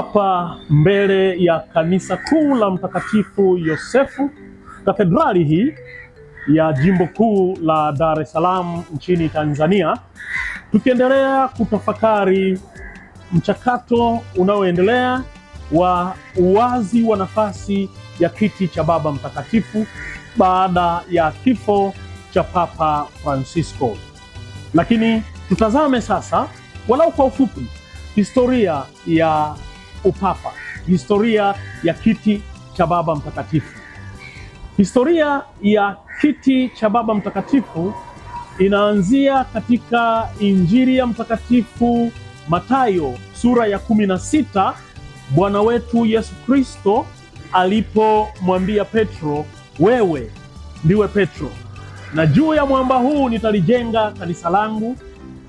hapa mbele ya kanisa kuu la Mtakatifu Yosefu, katedrali hii ya jimbo kuu la Dar es Salaam nchini Tanzania, tukiendelea kutafakari mchakato unaoendelea wa uwazi wa nafasi ya kiti cha Baba Mtakatifu baada ya kifo cha Papa Francisco. Lakini tutazame sasa walau kwa ufupi historia ya upapa, historia ya kiti cha Baba Mtakatifu. Historia ya kiti cha Baba Mtakatifu inaanzia katika Injili ya Mtakatifu matayo sura ya kumi na sita Bwana wetu Yesu Kristo alipomwambia Petro, wewe ndiwe Petro na juu ya mwamba huu nitalijenga kanisa langu,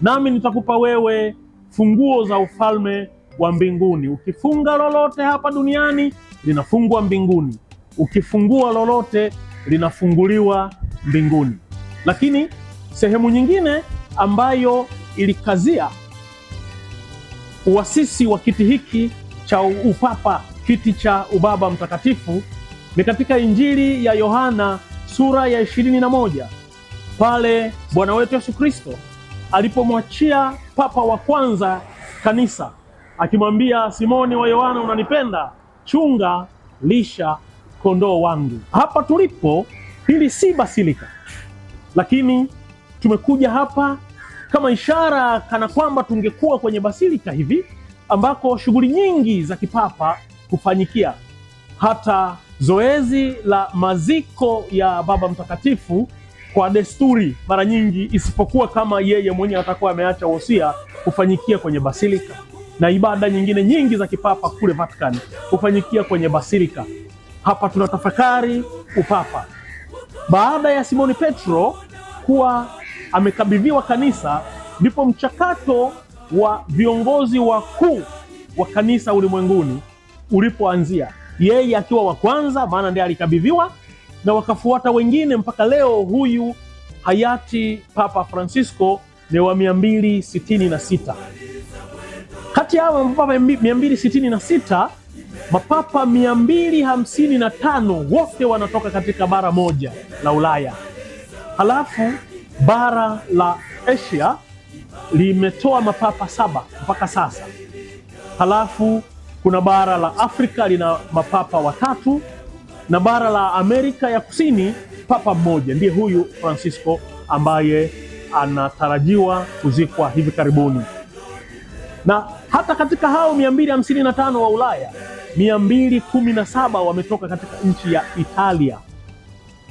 nami nitakupa wewe funguo za ufalme wa mbinguni. Ukifunga lolote hapa duniani linafungwa mbinguni, ukifungua lolote linafunguliwa mbinguni. Lakini sehemu nyingine ambayo ilikazia uasisi wa kiti hiki cha upapa, kiti cha ubaba mtakatifu ni katika Injili ya Yohana sura ya ishirini na moja pale Bwana wetu Yesu Kristo alipomwachia papa wa kwanza kanisa akimwambia Simoni wa Yohana, unanipenda? Chunga lisha kondoo wangu. Hapa tulipo hili si basilika, lakini tumekuja hapa kama ishara, kana kwamba tungekuwa kwenye basilika hivi ambako shughuli nyingi za kipapa kufanyikia. Hata zoezi la maziko ya Baba Mtakatifu kwa desturi mara nyingi, isipokuwa kama yeye mwenyewe atakuwa ameacha wosia, kufanyikia kwenye basilika na ibada nyingine nyingi za kipapa kule Vatican hufanyikia kwenye basilika. Hapa tunatafakari upapa baada ya Simoni Petro kuwa amekabidhiwa kanisa, ndipo mchakato wa viongozi wakuu wa kanisa ulimwenguni ulipoanzia, yeye akiwa wa kwanza, maana ndiye alikabidhiwa na wakafuata wengine mpaka leo. Huyu hayati Papa Francisco ni wa 266 kati ya hao mapapa 266 mapapa 255 wote wanatoka katika bara moja la Ulaya. Halafu bara la Asia limetoa mapapa saba mpaka sasa. Halafu kuna bara la Afrika lina mapapa watatu na bara la Amerika ya Kusini papa mmoja ndiye huyu Francisco ambaye anatarajiwa kuzikwa hivi karibuni na hata katika hao 255 wa Ulaya 217 wametoka katika nchi ya Italia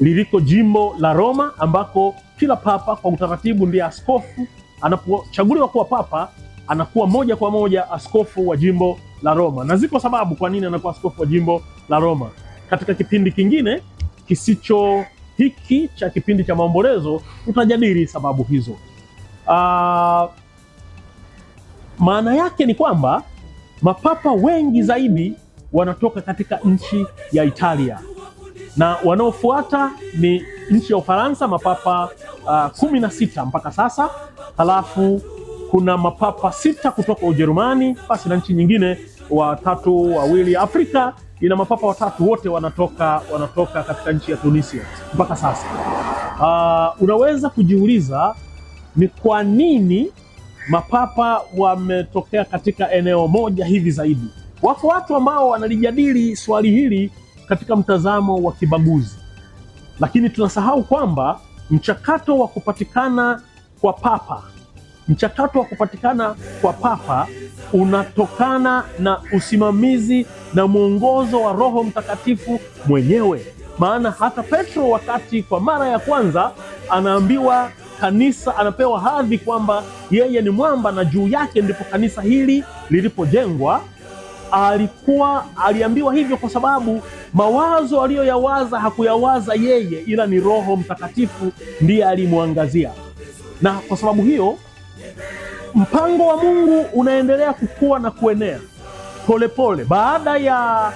liliko jimbo la Roma, ambako kila papa kwa utaratibu ndiye askofu. Anapochaguliwa kuwa papa, anakuwa moja kwa moja askofu wa jimbo la Roma, na ziko sababu kwa nini anakuwa askofu wa jimbo la Roma. Katika kipindi kingine kisicho hiki cha kipindi cha maombolezo, utajadili sababu hizo. Uh, maana yake ni kwamba mapapa wengi zaidi wanatoka katika nchi ya Italia na wanaofuata ni nchi ya Ufaransa, mapapa uh, kumi na sita mpaka sasa. Halafu kuna mapapa sita kutoka Ujerumani, basi na nchi nyingine watatu wawili. Afrika ina mapapa watatu, wote wanatoka wanatoka katika nchi ya Tunisia mpaka sasa. Uh, unaweza kujiuliza ni kwa nini mapapa wametokea katika eneo moja hivi zaidi. Wapo watu ambao wanalijadili swali hili katika mtazamo wa kibaguzi, lakini tunasahau kwamba mchakato wa kupatikana kwa papa mchakato wa kupatikana kwa papa unatokana na usimamizi na mwongozo wa Roho Mtakatifu mwenyewe. Maana hata Petro wakati kwa mara ya kwanza anaambiwa kanisa, anapewa hadhi kwamba yeye ni mwamba na juu yake ndipo kanisa hili lilipojengwa. Alikuwa aliambiwa hivyo kwa sababu mawazo aliyoyawaza hakuyawaza yeye, ila ni Roho Mtakatifu ndiye alimwangazia, na kwa sababu hiyo mpango wa Mungu unaendelea kukua na kuenea polepole pole. Baada ya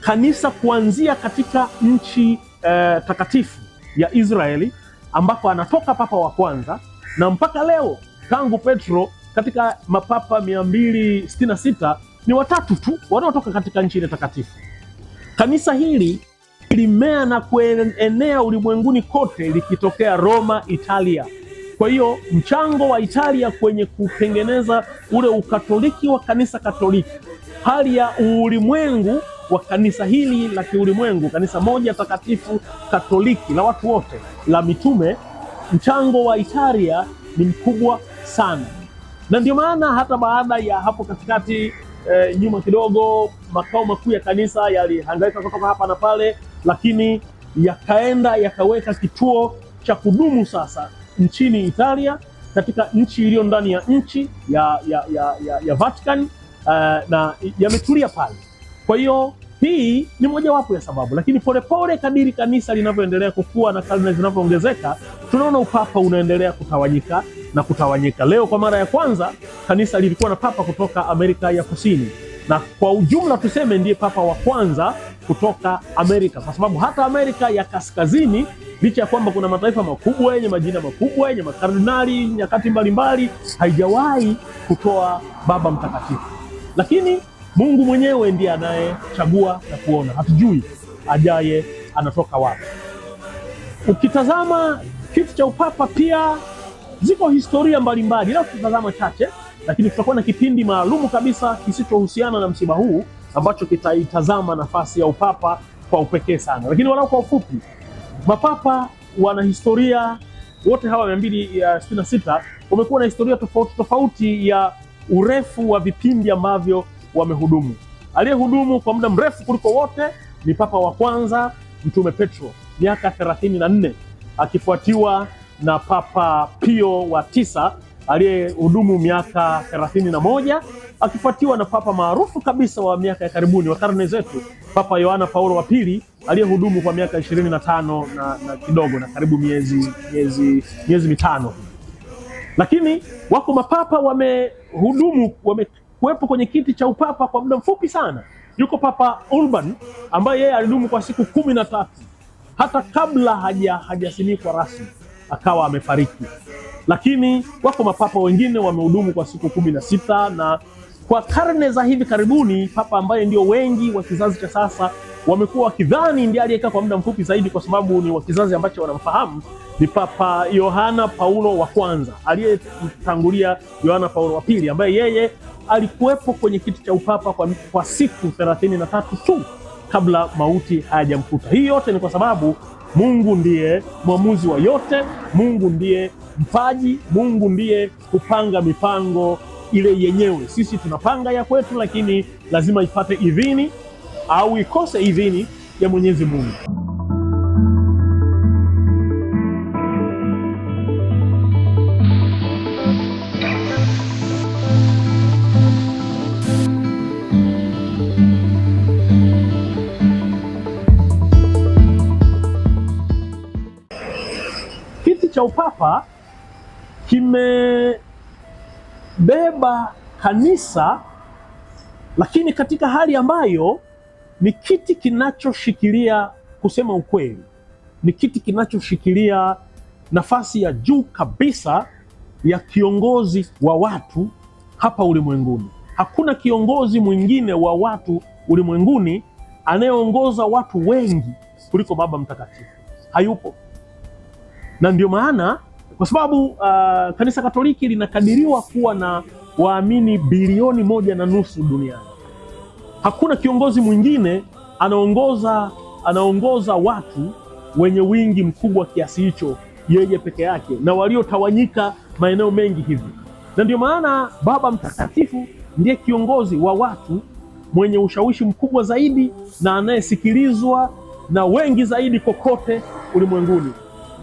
kanisa kuanzia katika nchi eh, takatifu ya Israeli ambapo anatoka papa wa kwanza na mpaka leo tangu Petro katika mapapa 266 ni watatu tu wanaotoka katika nchi ile takatifu. Kanisa hili limea na kuenea ulimwenguni kote likitokea Roma, Italia. Kwa hiyo mchango wa Italia kwenye kutengeneza ule ukatoliki wa kanisa Katoliki, hali ya ulimwengu wa kanisa hili la kiulimwengu, kanisa moja takatifu Katoliki la watu wote la mitume, mchango wa Italia ni mkubwa sana, na ndio maana hata baada ya hapo katikati eh, nyuma kidogo, makao makuu ya kanisa yalihangaika kutoka hapa na pale, lakini yakaenda yakaweka kituo cha kudumu sasa nchini Italia katika nchi iliyo ndani ya nchi ya, ya, ya, ya, ya Vatican uh, na yametulia pale. Kwa hiyo hii ni mojawapo ya sababu, lakini polepole kadiri kanisa linavyoendelea kukua na karne zinavyoongezeka, tunaona upapa unaendelea kutawanyika na kutawanyika. Leo kwa mara ya kwanza kanisa lilikuwa na papa kutoka Amerika ya Kusini, na kwa ujumla tuseme ndiye papa wa kwanza kutoka Amerika, kwa sababu hata Amerika ya Kaskazini, licha ya kwamba kuna mataifa makubwa yenye majina makubwa yenye makardinali nyakati mbalimbali, haijawahi kutoa baba mtakatifu lakini Mungu mwenyewe ndiye anayechagua na kuona, hatujui ajaye anatoka wapi. Ukitazama kiti cha upapa pia ziko historia mbalimbali, ila tutatazama chache, lakini tutakuwa na kipindi maalumu kabisa kisichohusiana na msiba huu ambacho kitaitazama nafasi ya upapa kwa upekee sana. Lakini walau kwa ufupi, mapapa wana historia wote hawa mia mbili eh, sitini na sita wamekuwa na historia tofauti tofauti ya urefu wa vipindi ambavyo wamehudumu. Aliyehudumu kwa muda mrefu kuliko wote ni papa wa kwanza Mtume Petro miaka thelathini na nne akifuatiwa na Papa Pio wa tisa aliyehudumu miaka thelathini na moja akifuatiwa na papa maarufu kabisa wa miaka ya karibuni wa karne zetu Papa Yohana Paulo wa pili aliyehudumu kwa miaka ishirini na tano na, na kidogo na karibu miezi miezi miezi mitano. Lakini wako mapapa wamehudumu wame kuwepo kwenye kiti cha upapa kwa muda mfupi sana. Yuko Papa Urban ambaye yeye alidumu kwa siku kumi na tatu hata kabla haja hajasimikwa rasmi akawa amefariki, lakini wako mapapa wengine wamehudumu kwa siku kumi na sita na kwa karne za hivi karibuni papa ambaye ndio wengi wa kizazi cha sasa wamekuwa wakidhani ndiye aliyekaa kwa muda mfupi zaidi, kwa sababu ni wa kizazi ambacho wanamfahamu, ni Papa Yohana Paulo wa kwanza aliyemtangulia Yohana Paulo wa pili, ambaye yeye alikuwepo kwenye kiti cha upapa kwa, kwa siku thelathini na tatu tu kabla mauti hayajamkuta. Hii yote ni kwa sababu Mungu ndiye mwamuzi wa yote, Mungu ndiye mpaji, Mungu ndiye kupanga mipango ile yenyewe. Sisi tunapanga ya kwetu, lakini lazima ipate idhini au ikose idhini ya Mwenyezi Mungu. cha upapa kimebeba kanisa, lakini katika hali ambayo ni kiti kinachoshikilia, kusema ukweli, ni kiti kinachoshikilia nafasi ya juu kabisa ya kiongozi wa watu hapa ulimwenguni. Hakuna kiongozi mwingine wa watu ulimwenguni anayeongoza watu wengi kuliko Baba Mtakatifu, hayupo na ndio maana kwa sababu uh, kanisa Katoliki linakadiriwa kuwa na waamini bilioni moja na nusu duniani. Hakuna kiongozi mwingine anaongoza anaongoza watu wenye wingi mkubwa kiasi hicho, yeye peke yake na waliotawanyika maeneo mengi hivi, na ndio maana Baba Mtakatifu ndiye kiongozi wa watu mwenye ushawishi mkubwa zaidi na anayesikilizwa na wengi zaidi kokote ulimwenguni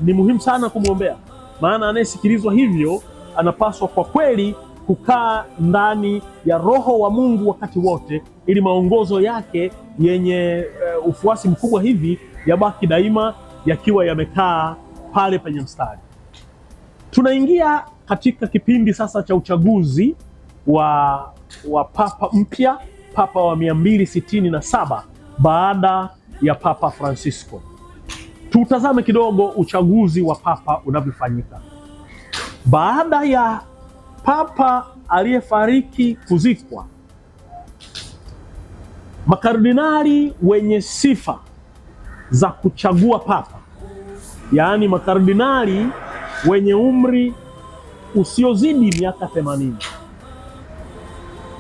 ni muhimu sana kumwombea, maana anayesikilizwa hivyo anapaswa kwa kweli kukaa ndani ya Roho wa Mungu wakati wote, ili maongozo yake yenye uh, ufuasi mkubwa hivi yabaki daima yakiwa yamekaa pale penye mstari. Tunaingia katika kipindi sasa cha uchaguzi wa, wa papa mpya, papa wa 267 baada ya Papa Francisco tutazame kidogo uchaguzi wa papa unavyofanyika. Baada ya papa aliyefariki kuzikwa, makardinali wenye sifa za kuchagua papa, yaani makardinali wenye umri usiozidi miaka themanini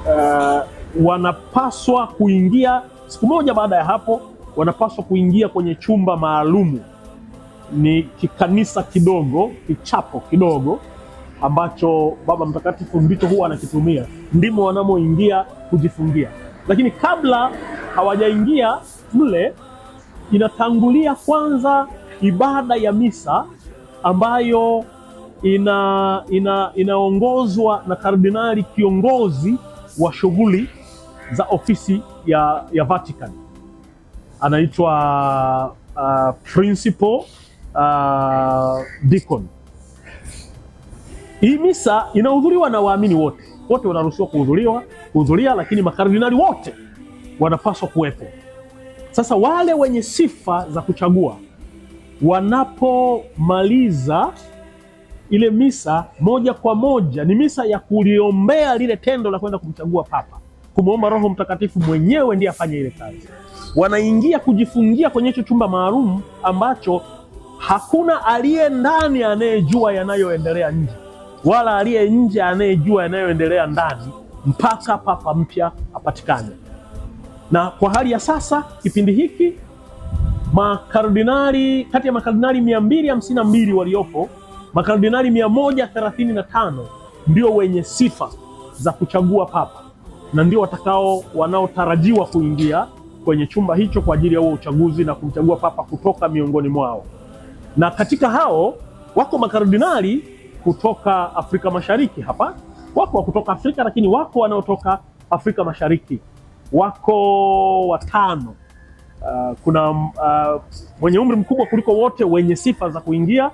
uh, wanapaswa kuingia siku moja baada ya hapo wanapaswa kuingia kwenye chumba maalumu, ni kikanisa kidogo, kichapo kidogo ambacho Baba Mtakatifu ndicho huwa anakitumia, ndimo wanamoingia kujifungia. Lakini kabla hawajaingia mle, inatangulia kwanza ibada ya misa ambayo ina, ina, inaongozwa na kardinali kiongozi wa shughuli za ofisi ya, ya Vatican anaitwa uh, principal uh, deacon. Hii misa inahudhuriwa na waamini wote, wote wanaruhusiwa kuhudhuriwa kuhudhuria, lakini makardinali wote wanapaswa kuwepo. Sasa wale wenye sifa za kuchagua wanapomaliza ile misa, moja kwa moja ni misa ya kuliombea lile tendo la kwenda kumchagua papa kumwomba Roho Mtakatifu mwenyewe ndiye afanye ile kazi. Wanaingia kujifungia kwenye hicho chumba maalum ambacho hakuna aliye ndani anayejua yanayoendelea nje wala aliye nje anayejua yanayoendelea ndani mpaka papa mpya apatikane. Na kwa hali ya sasa, kipindi hiki makardinali, kati ya makardinali 252 waliopo, makardinali 135 ndio wenye sifa za kuchagua papa na ndio watakao wanaotarajiwa kuingia kwenye chumba hicho kwa ajili ya huo uchaguzi na kumchagua papa kutoka miongoni mwao. Na katika hao wako makardinali kutoka Afrika Mashariki hapa, wako kutoka Afrika, lakini wako wanaotoka Afrika Mashariki, wako watano. Uh, kuna uh, mwenye umri mkubwa kuliko wote wenye sifa za kuingia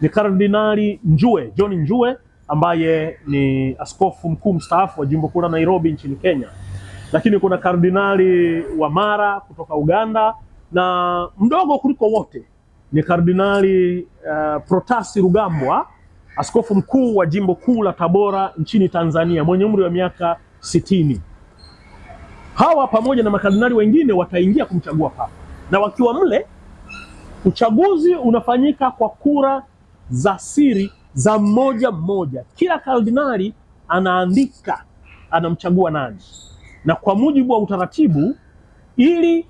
ni Kardinali Njue, John Njue ambaye ni askofu mkuu mstaafu wa jimbo kuu la Nairobi nchini Kenya, lakini kuna kardinali wa Mara kutoka Uganda na mdogo kuliko wote ni kardinali uh, Protasi Rugambwa, askofu mkuu wa jimbo kuu la Tabora nchini Tanzania mwenye umri wa miaka sitini. Hawa pamoja na makardinali wengine wataingia kumchagua papa, na wakiwa mle uchaguzi unafanyika kwa kura za siri za mmoja mmoja. Kila kardinali anaandika anamchagua nani, na kwa mujibu wa utaratibu, ili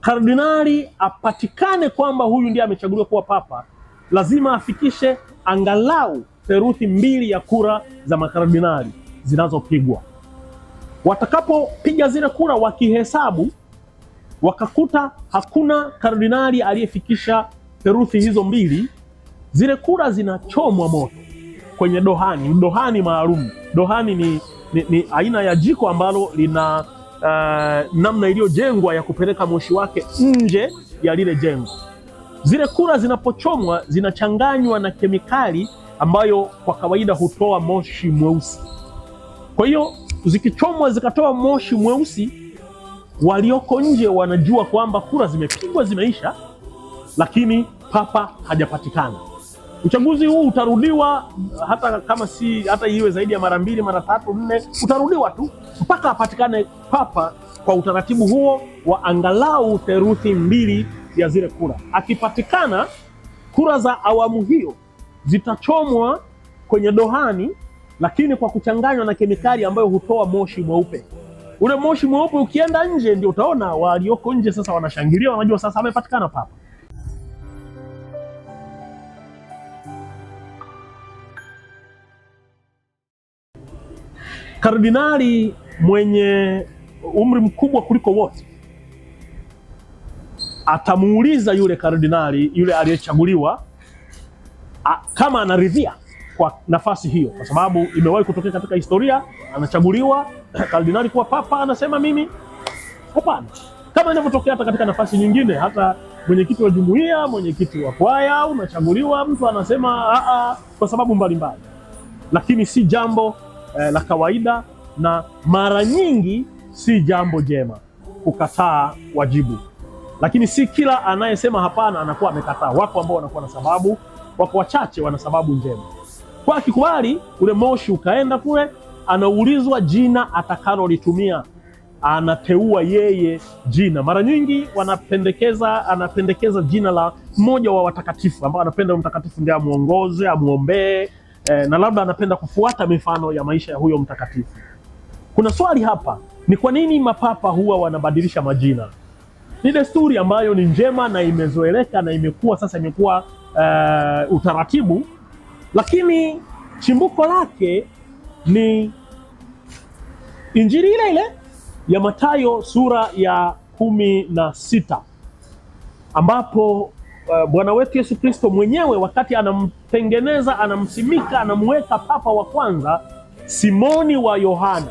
kardinali apatikane kwamba huyu ndiye amechaguliwa kuwa papa, lazima afikishe angalau theruthi mbili ya kura za makardinali zinazopigwa. Watakapopiga zile kura, wakihesabu wakakuta hakuna kardinali aliyefikisha theruthi hizo mbili Zile kura zinachomwa moto kwenye dohani, dohani maalum. Dohani ni, ni, ni aina ya jiko ambalo lina uh, namna iliyojengwa ya kupeleka moshi wake nje ya lile jengo. Zile kura zinapochomwa zinachanganywa na kemikali ambayo kwa kawaida hutoa moshi mweusi. Kwa hiyo zikichomwa zikatoa moshi mweusi, walioko nje wanajua kwamba kura zimepigwa zimeisha, lakini papa hajapatikana. Uchaguzi huu utarudiwa hata kama si hata iwe zaidi ya mara mbili mara tatu nne, utarudiwa tu mpaka apatikane papa kwa utaratibu huo wa angalau theruthi mbili ya zile kura. Akipatikana, kura za awamu hiyo zitachomwa kwenye dohani, lakini kwa kuchanganywa na kemikali ambayo hutoa moshi mweupe. Ule moshi mweupe ukienda nje, ndio utaona walioko nje sasa wanashangilia, wanajua sasa amepatikana papa. kardinali mwenye umri mkubwa kuliko wote atamuuliza yule kardinali yule aliyechaguliwa kama anaridhia kwa nafasi hiyo, kwa sababu imewahi kutokea katika historia, anachaguliwa kardinali kuwa papa, anasema mimi hapana, kama inavyotokea hata katika nafasi nyingine, hata mwenyekiti wa jumuiya, mwenyekiti wa kwaya unachaguliwa, mtu anasema a ah, ah, kwa sababu mbalimbali mbali. Lakini si jambo eh, la kawaida na mara nyingi si jambo jema kukataa wajibu, lakini si kila anayesema hapana anakuwa amekataa. Wako ambao wanakuwa na sababu, wako wachache wana sababu njema. Kwa akikubali ule moshi ukaenda kule, anaulizwa jina atakalolitumia, anateua yeye jina. Mara nyingi wanapendekeza, anapendekeza jina la mmoja wa watakatifu ambao anapenda mtakatifu ndiye amuongoze, amuombee eh, na labda anapenda kufuata mifano ya maisha ya huyo mtakatifu. Kuna swali hapa, ni kwa nini mapapa huwa wanabadilisha majina? Ni desturi ambayo ni njema na imezoeleka na imekuwa sasa imekuwa uh, utaratibu, lakini chimbuko lake ni Injili ile ile ya Mathayo sura ya kumi na sita ambapo Eh, Bwana wetu Yesu Kristo mwenyewe wakati anamtengeneza, anamsimika, anamweka papa wa kwanza, Simoni wa Yohana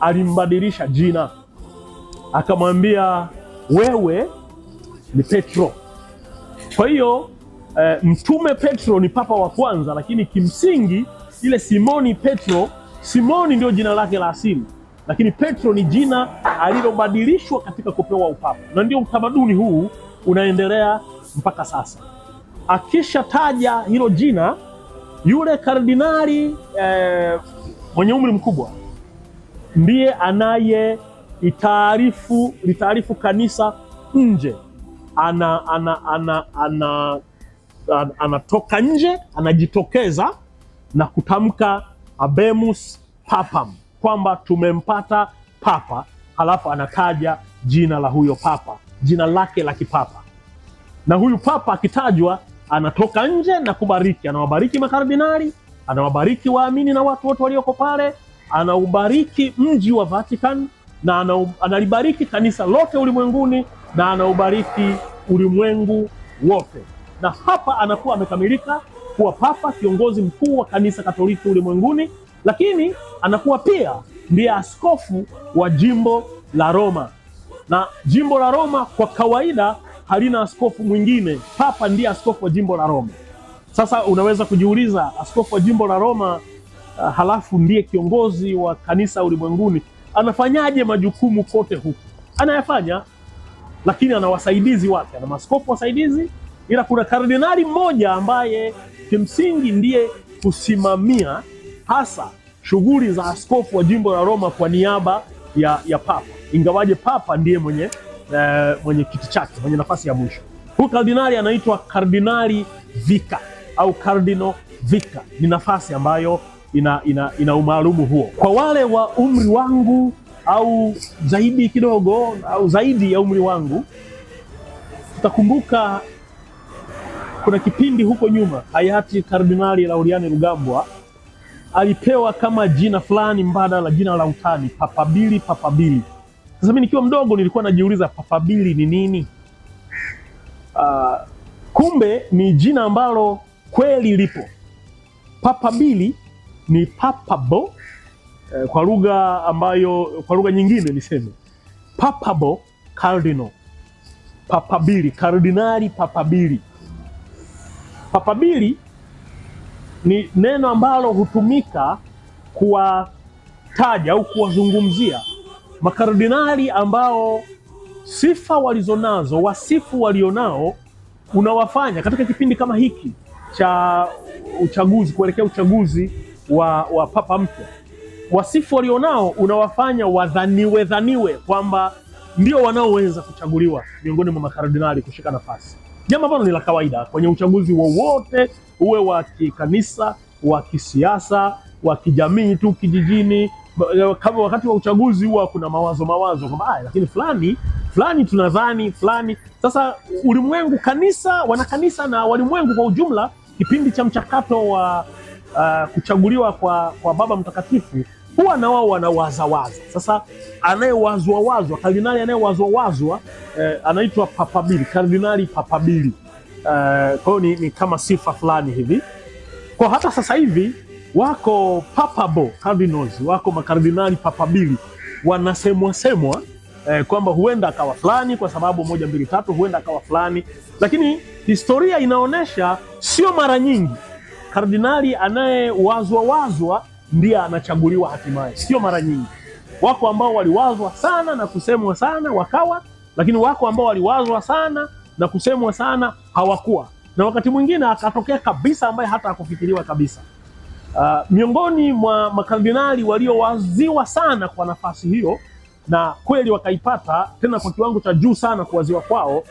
alimbadilisha jina akamwambia, wewe ni Petro. Kwa hiyo e, mtume Petro ni papa wa kwanza, lakini kimsingi ile Simoni Petro, Simoni ndio jina lake la asili, lakini Petro ni jina alilobadilishwa katika kupewa upapa, na ndio utamaduni huu unaendelea mpaka sasa. Akishataja hilo jina yule kardinali eh, mwenye umri mkubwa ndiye anaye itaarifu litaarifu kanisa nje, ana ana ana ana anatoka ana nje, anajitokeza na kutamka abemus papam, kwamba tumempata papa, halafu anataja jina la huyo papa, jina lake la kipapa na huyu papa akitajwa anatoka nje na kubariki, anawabariki makardinali, anawabariki waamini na watu wote walioko pale, anaubariki mji wa Vatican na analibariki kanisa lote ulimwenguni na anaubariki ulimwengu wote, na hapa anakuwa amekamilika kuwa papa, kiongozi mkuu wa kanisa Katoliki ulimwenguni, lakini anakuwa pia ndiye askofu wa jimbo la Roma, na jimbo la Roma kwa kawaida halina askofu mwingine, papa ndiye askofu wa jimbo la Roma. Sasa unaweza kujiuliza, askofu wa jimbo la Roma ah, halafu ndiye kiongozi wa kanisa ulimwenguni, anafanyaje majukumu kote huku? Anayafanya, lakini ana wasaidizi wake, ana maskofu wasaidizi, ila kuna kardinali mmoja ambaye kimsingi ndiye kusimamia hasa shughuli za askofu wa jimbo la Roma kwa niaba ya, ya papa, ingawaje papa ndiye mwenye Eh, mwenye kiti chake mwenye nafasi ya mwisho. Huyu kardinali anaitwa kardinali vika au kardino vika, ni nafasi ambayo ina, ina, ina umaalumu huo. Kwa wale wa umri wangu au zaidi kidogo au zaidi ya umri wangu, utakumbuka kuna kipindi huko nyuma hayati Kardinali Lauriani Rugambwa alipewa kama jina fulani mbadala la jina la utani papabili papabili sasa mi nikiwa mdogo nilikuwa najiuliza papabili ni nini? Uh, kumbe ni jina ambalo kweli lipo. Papabili ni papabo eh, kwa lugha ambayo kwa lugha nyingine niseme papabo cardinal. Papabili kardinali, papabili. Papabili ni neno ambalo hutumika kuwataja au kuwazungumzia makardinali ambao sifa walizonazo, wasifu walionao unawafanya katika kipindi kama hiki cha uchaguzi kuelekea uchaguzi wa, wa papa mpya, wasifu walionao unawafanya wadhaniwe dhaniwe kwamba ndio wanaoweza kuchaguliwa miongoni mwa makardinali kushika nafasi, jambo ambalo ni la kawaida kwenye uchaguzi wowote, uwe wa kikanisa, wa kisiasa, wa kijamii tu kijijini kama wakati wa uchaguzi huwa kuna mawazo mawazo kwamba lakini fulani fulani tunadhani fulani. Sasa ulimwengu, kanisa, wanakanisa na walimwengu kwa ujumla, kipindi cha mchakato wa uh, kuchaguliwa kwa, kwa Baba Mtakatifu huwa na wao wanawazawaza. Sasa anayewazwawazwa kardinali anayewazwawazwa eh, anaitwa papabili, kardinali papabili eh, kwa hiyo ni, ni kama sifa fulani hivi kwa hata sasa hivi wako papabo cardinals, wako makardinali papabili wanasemwa semwa eh, kwamba huenda akawa fulani kwa sababu moja mbili tatu, huenda akawa fulani, lakini historia inaonyesha sio mara nyingi kardinali anayewazwa wazwa ndiye anachaguliwa hatimaye, sio mara nyingi. Wako ambao waliwazwa sana na kusemwa sana wakawa, lakini wako ambao waliwazwa sana na kusemwa sana hawakuwa, na wakati mwingine akatokea kabisa ambaye hata hakufikiriwa kabisa. Uh, miongoni mwa makardinali waliowaziwa sana kwa nafasi hiyo na kweli wakaipata tena kwa kiwango cha juu sana kuwaziwa kwao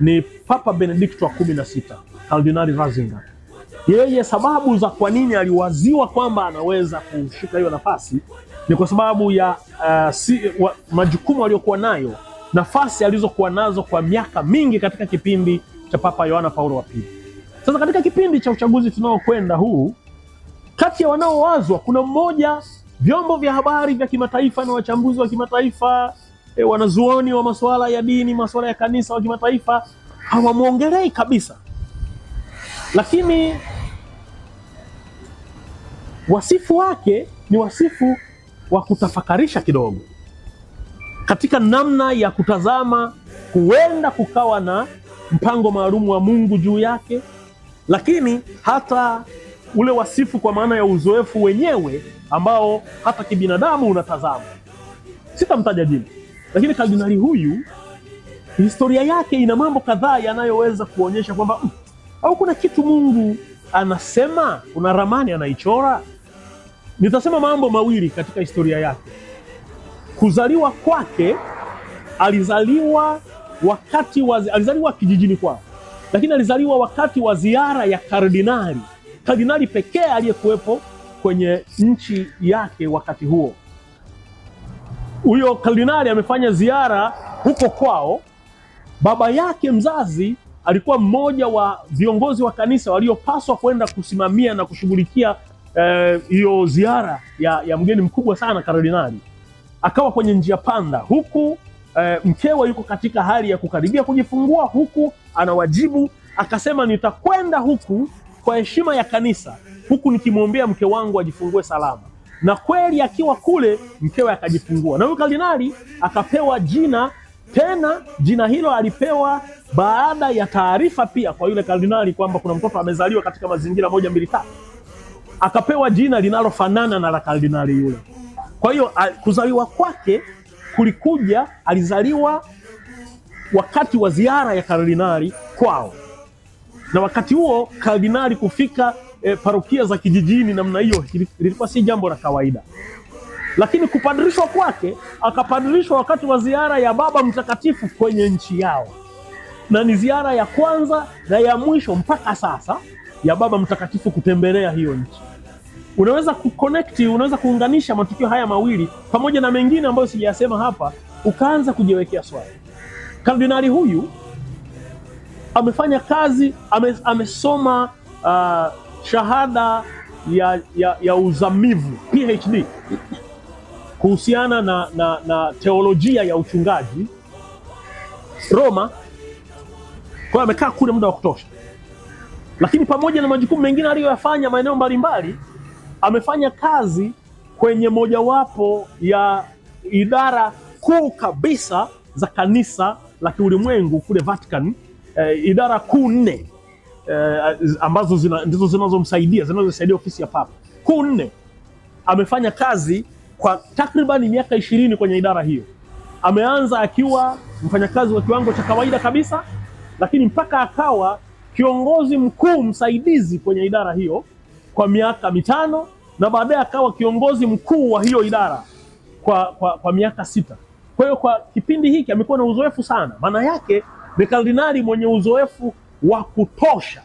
ni Papa Benedikto wa kumi na sita, Kardinali Ratzinger. Yeye sababu za kwa nini aliwaziwa kwamba anaweza kushika hiyo nafasi ni kwa sababu ya uh, si, wa, majukumu aliyokuwa nayo, nafasi alizokuwa nazo kwa miaka mingi katika kipindi cha Papa Yohana Paulo wa Pili. Sasa katika kipindi cha uchaguzi tunaokwenda huu kati ya wanaowazwa kuna mmoja, vyombo vya habari vya kimataifa na wachambuzi wa kimataifa e, wanazuoni wa masuala ya dini, masuala ya kanisa wa kimataifa hawamwongelei kabisa, lakini wasifu wake ni wasifu wa kutafakarisha kidogo katika namna ya kutazama. Huenda kukawa na mpango maalum wa Mungu juu yake, lakini hata ule wasifu kwa maana ya uzoefu wenyewe ambao hata kibinadamu unatazama. Sitamtaja jina, lakini kardinali huyu historia yake ina mambo kadhaa yanayoweza kuonyesha kwamba mm, au kuna kitu Mungu anasema, kuna ramani anaichora. Nitasema mambo mawili katika historia yake. Kuzaliwa kwake, alizaliwa wakati wa, alizaliwa kijijini kwao, lakini alizaliwa wakati wa ziara ya kardinali kardinali pekee aliyekuwepo kwenye nchi yake wakati huo. Huyo kardinali amefanya ziara huko kwao. Baba yake mzazi alikuwa mmoja wa viongozi wa kanisa waliopaswa kwenda kusimamia na kushughulikia eh, hiyo eh, ziara ya, ya mgeni mkubwa sana kardinali. Akawa kwenye njia panda huku eh, mkewe yuko katika hali ya kukaribia kujifungua, huku ana wajibu, akasema nitakwenda huku kwa heshima ya kanisa, huku nikimwombea mke wangu ajifungue salama. Na kweli akiwa kule mkewe akajifungua, na huyu kardinali akapewa jina tena jina hilo alipewa baada ya taarifa pia kwa yule kardinali kwamba kuna mtoto amezaliwa katika mazingira moja mbili tatu, akapewa jina linalofanana na la kardinali yule. Kwa hiyo kuzaliwa kwake kulikuja, alizaliwa wakati wa ziara ya kardinali kwao na wakati huo kardinali kufika e, parokia za kijijini namna hiyo lilikuwa si jambo la kawaida, lakini kupadirishwa kwake, akapadirishwa wakati wa ziara ya Baba Mtakatifu kwenye nchi yao, na ni ziara ya kwanza na ya mwisho mpaka sasa ya Baba Mtakatifu kutembelea hiyo nchi. Unaweza kukonekti, unaweza kuunganisha matukio haya mawili pamoja na mengine ambayo sijayasema hapa, ukaanza kujiwekea swali. Kardinali huyu amefanya kazi ame, amesoma uh, shahada ya, ya, ya uzamivu PhD kuhusiana na, na, na teolojia ya uchungaji Roma. Kwa hiyo amekaa kule muda wa kutosha, lakini pamoja na majukumu mengine aliyoyafanya maeneo mbalimbali, amefanya kazi kwenye mojawapo ya idara kuu kabisa za kanisa la kiulimwengu kule Vatican eh, idara kuu nne eh, ambazo zina, ndizo zinazomsaidia zinazosaidia ofisi ya Papa kuu nne. Amefanya kazi kwa takriban miaka ishirini kwenye idara hiyo. Ameanza akiwa mfanyakazi wa kiwango cha kawaida kabisa, lakini mpaka akawa kiongozi mkuu msaidizi kwenye idara hiyo kwa miaka mitano na baadaye akawa kiongozi mkuu wa hiyo idara kwa, kwa, kwa miaka sita. Kwa hiyo kwa kipindi hiki amekuwa na uzoefu sana. Maana yake kardinali mwenye uzoefu wa kutosha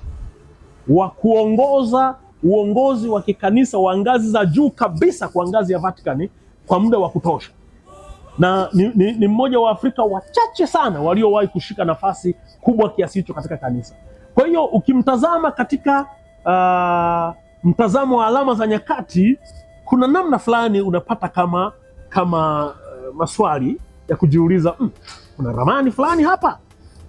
wa kuongoza uongozi wa kikanisa wa ngazi za juu kabisa kwa ngazi ya Vatican kwa muda wa kutosha, na ni, ni, ni mmoja wa Afrika wachache sana waliowahi kushika nafasi kubwa kiasi hicho katika kanisa. Kwa hiyo ukimtazama katika uh, mtazamo wa alama za nyakati, kuna namna fulani unapata kama kama uh, maswali ya kujiuliza, mm, kuna ramani fulani hapa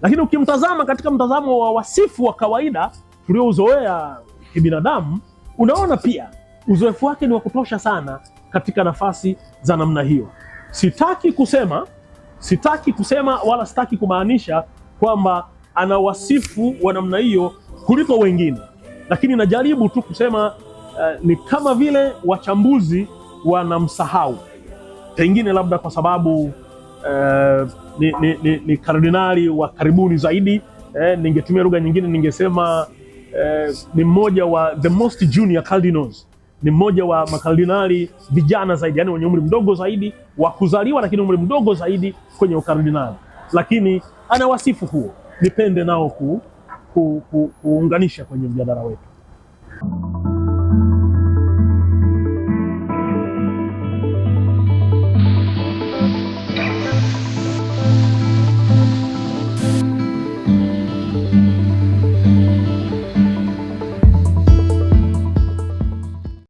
lakini ukimtazama katika mtazamo wa wasifu wa kawaida tuliouzoea kibinadamu, unaona pia uzoefu wake ni wa kutosha sana katika nafasi za namna hiyo. Sitaki kusema, sitaki kusema wala sitaki kumaanisha kwamba ana wasifu wa namna hiyo kuliko wengine, lakini najaribu tu kusema uh, ni kama vile wachambuzi wanamsahau pengine labda kwa sababu Eh, ni, ni, ni, ni kardinali wa karibuni zaidi eh, ningetumia lugha nyingine ningesema eh, ni mmoja wa the most junior cardinals ni mmoja wa makardinali vijana zaidi, yani wenye umri mdogo zaidi wa kuzaliwa, lakini umri mdogo zaidi kwenye ukardinali. Lakini ana wasifu huo, nipende nao ku, ku, ku, kuunganisha kwenye mjadala wetu.